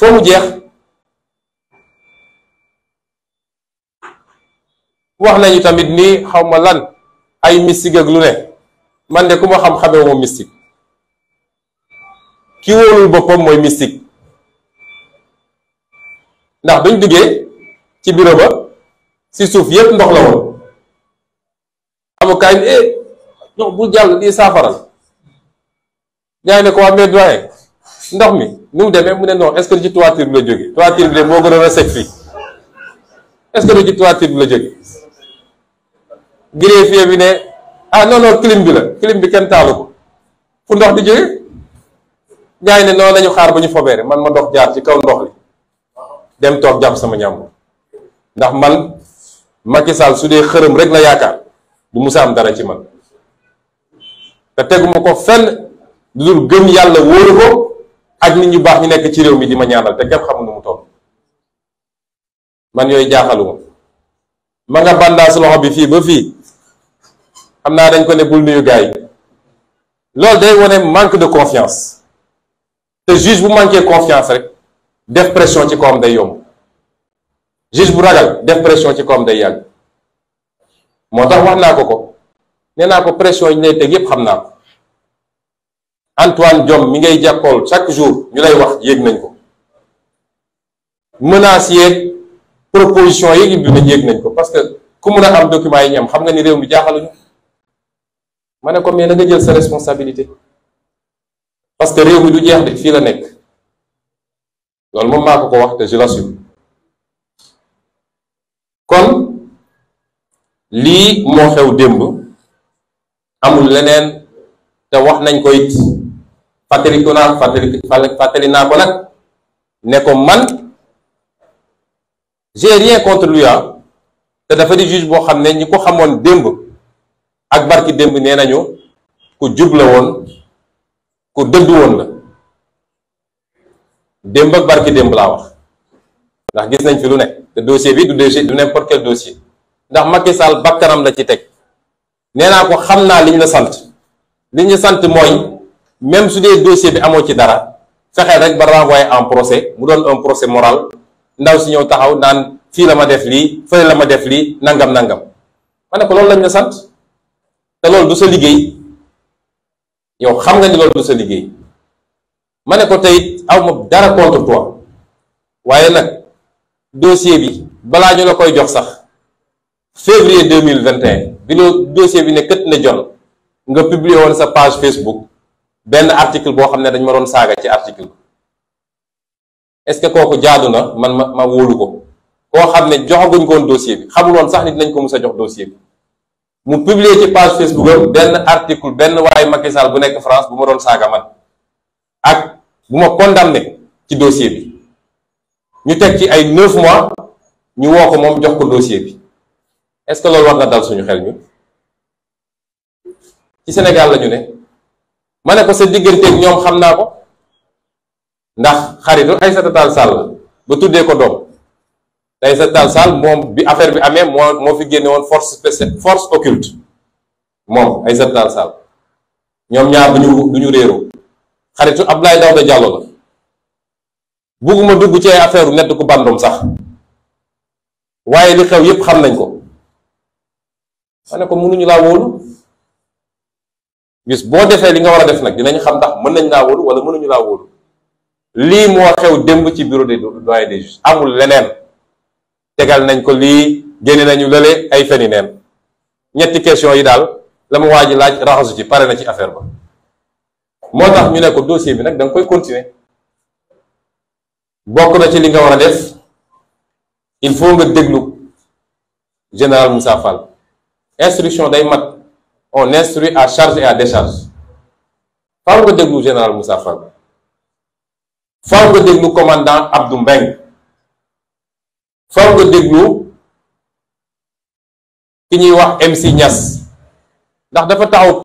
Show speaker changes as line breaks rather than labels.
foo mu jeex wax nañu tamit ni xaw ma lan ay mystique ak lu ne man de ku ma xam-xamee moom mystique ki wóolul boppam mooy mystique ndax bañ duggee ci bureau ba si suuf yépp ndox la woon avocat yi eh bu jàll lii saafaral ñaa ne ko waa mais doyen ndox mi ni mu demee mu ne non est-ce que ci toiture bi la jógee toiture bi de moo gënoon a sec fii est-ce que ci toiture bi la jógee greffier bi ne ah non non clim bi la clim bi kenn taalu ko fu ndox di jógee gars yi ne noonu nañu xaar ba ñu fobeere man ma ndox jaar ci kaw ndox li dem toog jàpp sama ñàmbur ndax man Macky Sall su dee xërëm rek la yaakaar du musa am dara ci man te teguma ko fenn du dul gëm yàlla wóoru ko ak nit ñu baax ñu nekk ci réew mi di ma ñaanal te kenn xamul nu mu toll man yooyu jaaxaluma ma nga bàndaas loxo bi fii ba fii xam naa dañ ko ne bul nuyu gars yi loolu day wane manque de confiance te juge bu manqué confiance rek def pression ci kawam day yomb juge bu ragal def pression ci kawam day yàgg moo tax wax naa ko ko nee naa ko pression yi ñu lay teg yépp xam naa ko Antoine Diome mi ngay jàkkool chaque jour ñu lay wax yéeg nañ ko menaces yeeg proposition yeeg yi nañ yéeg nañ ko parce que ku mun a xam documents yi ñu am xam nga ni réew mi jaaxaluñu ma ne ko mais na nga jël sa responsabilité parce que réew mi du jeex de fii la nekk loolu moom maa ko ko wax te je l'assume kon lii moo xew démb amul leneen te wax nañ koy fàttaliku naa fàttali fàttali naa ko nag ne ko man j'ai rien contre lui ah. te dafa di juge boo xam ne ñu ko xamoon démb ak barki démb nee nañu ku jub la woon ku dëddu woon la démb ak barki démb laa wax ndax gis nañ fi lu nekk te dossier bi du dossier du n'importe quel dossier ndax makki Sall bakkanam la ci teg nee naa ko xam naa li ñu la sant li ñu sant mooy même su dee dossier bi amoo ci dara fexeel rek ba renvoyer en procès mu doon un procès moral ndaw si ñëw taxaw naan fii la ma def lii fële la ma def lii nangam nangam ma ne ko loolu lañ la sant te loolu du sa liggéey yow xam nga ni loolu du sa liggéey ma ne ko tey aw ma dara contre toi waaye nag dossier bi balaa ñu la koy jox sax février 2021 bi loo dossier bi ne kët na jon nga publier woon sa page Facebook benn article boo xam ne dañ ma doon saaga ci article est-ce que kooku jaadu na man ma ma wóolu ko koo xam ne joxaguñ koon dossier bi xamuloon sax ni nañ ko mus a jox dossier bi mu publier ci page Facebook am benn article benn waaye Macky Sall bu nekk France bu ma doon saaga man ak bu ma condamné ci dossier bi ñu teg ci ay neuf mois ñu woo ko moom jox ko dossier bi est-ce que loolu war na dal suñu xel ñu ci Sénégal la ñu ne. ma ne ko sa digganteeg ñoom xam naa ko ndax xaritu Aïssata Tall Sall ba tuddee ko doom Aïssata Tall Sall moom bi affaire bi amee moo moo fi génne woon force spéciale force occulte moom ay Tall Sall ñoom ñaar du ñu du ñu réeroo xaritu Abdoulaye Daouda Diallo la bugguma dugg ci ay affaire ku bandum sax waaye li xew yépp xam nañ ko ma ko mënuñu laa wóolu bis boo defee li nga war a def nag dinañ xam ndax mën nañ laa wóolu wala mënuñu laa wóolu lii moo xew démb ci bureau des doyens des juges amul leneen tegal nañ ko lii génne nañu lële ay feni neen ñetti question yi daal la ma waa laaj raxasu ci pare na ci affaire ba moo tax ñu ne ko dossier bi nag da nga koy continuer bokk na ci li nga war a def il faut nga déglu général Moussa Fall instruction day mat on instruit à charge et à décharge faaw nga déglu général Moussa Fall faaw nga déglu commandant Abdou Mbeng faaw nga déglu ki ñuy wax MC ndax dafa taxaw